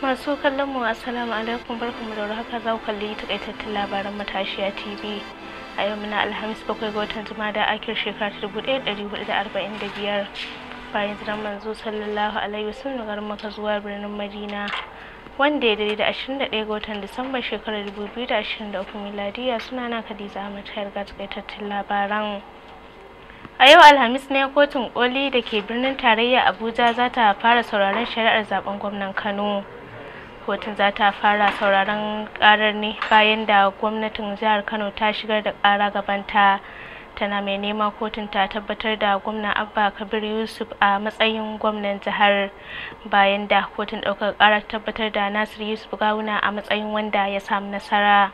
masu kallon mu assalamu alaikum barkamu da haka za ku kalli takaitattun labaran matashiya tv a yau muna alhamis bakwai ga watan jumada akir shekara dubu ɗaya ɗari da arba'in da biyar bayan jiran manzo sallallahu alaihi wasallam garin maka zuwa birnin madina wanda ya dare da ashirin da ɗaya ga watan disamba shekarar dubu biyu da ashirin da miladiya suna na khadija ahmad tayar ga takaitattun labaran a yau alhamis ne kotun koli da ke birnin tarayya abuja za ta fara sauraron shari'ar zaben gwamnan kano kotun za ta fara sauraron karar ne bayan da gwamnatin jihar kano ta shigar da kara gabanta tana mai neman kotun ta tabbatar da gwamna abba kabir yusuf a matsayin gwamnan jihar bayan da kotun ɗaukar ƙara tabbatar da nasir yusuf gawuna a matsayin wanda ya samu nasara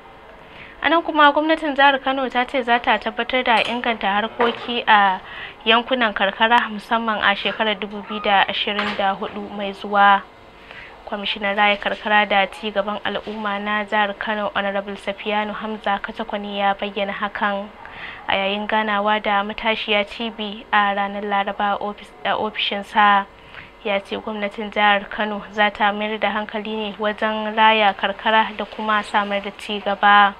a nan kuma gwamnatin jihar kano ta ce za ta tabbatar da inganta harkoki a yankunan karkara musamman a shekarar 2024 mai zuwa kwamishinan raya karkara da ci gaban al'umma na jihar kano honorable safiyanu hamza katakwani ya bayyana hakan a yayin ganawa da matashiya tv a ranar laraba a ofishinsa ya ce gwamnatin jihar kano za ta mayar da hankali ne wajen raya karkara da kuma samar da ci gaba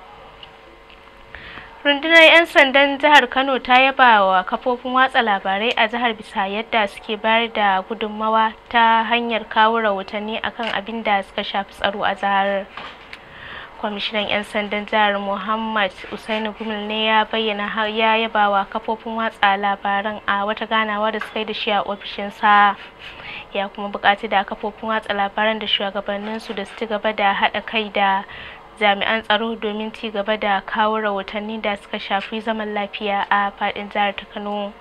rundunar 'yan sandan jihar kano ta yaba wa kafofin watsa labarai a jihar bisa yadda suke bayar da gudunmawa ta hanyar kawo rahotanni akan abin da suka shafi tsaro a jihar kwamishinan 'yan sandan jihar muhammad usaini gumil ne ya bayyana ya yaba wa kafofin watsa labaran a wata ganawa da suka yi da shi a ofishinsa ya kuma bukaci da kafofin watsa labaran da shugabanninsu da su ci gaba da haɗa kai da jami'an tsaro domin ci gaba da kawo rahotanni da suka shafi zaman lafiya a faɗin jihar ta Kano.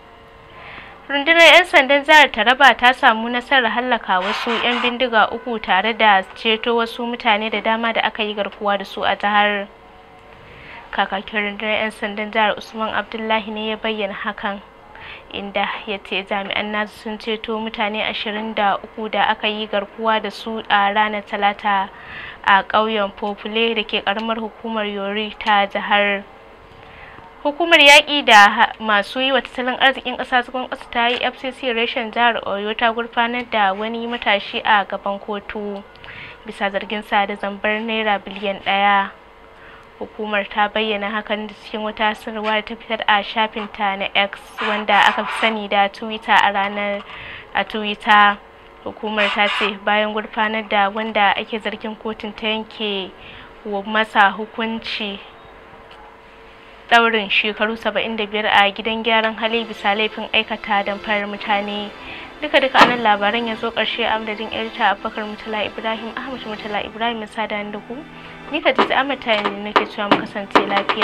rundunar 'yan sandan jihar taraba ta samu nasarar hallaka wasu 'yan bindiga uku tare da ceto wasu mutane da dama da aka yi garkuwa da su a jihar kakakin rundunar 'yan sandan jihar usman abdullahi ne ya bayyana hakan inda ya ce jami'an nasu sun ceto mutane 23 da aka yi garkuwa da su a ranar talata a ƙauyen popule da ke ƙaramar hukumar yori ta jihar hukumar yaƙi da masu yi wa tattalin arzikin ƙasa zagon ƙasa ta yi fcc reshen jihar oyo ta gurfanar da wani matashi a gaban kotu bisa zargin sa da zambar naira biliyan ɗaya hukumar ta bayyana hakan da cikin wata sanarwa da ta fitar a shafin ta na x wanda aka fi sani da twitter a ranar a twitter hukumar ta ce bayan gurfanar da wanda ake zargin kotun ta yanke wa masa hukunci daurin shekaru 75 a gidan gyaran hali bisa laifin aikata damfarar mutane duka duka anan labaran ya zo karshe a madadin edita abubakar mutala ibrahim ahmad mutala ibrahim sada da ku ni ka titi amata ne nake cewa mu kasance lafiya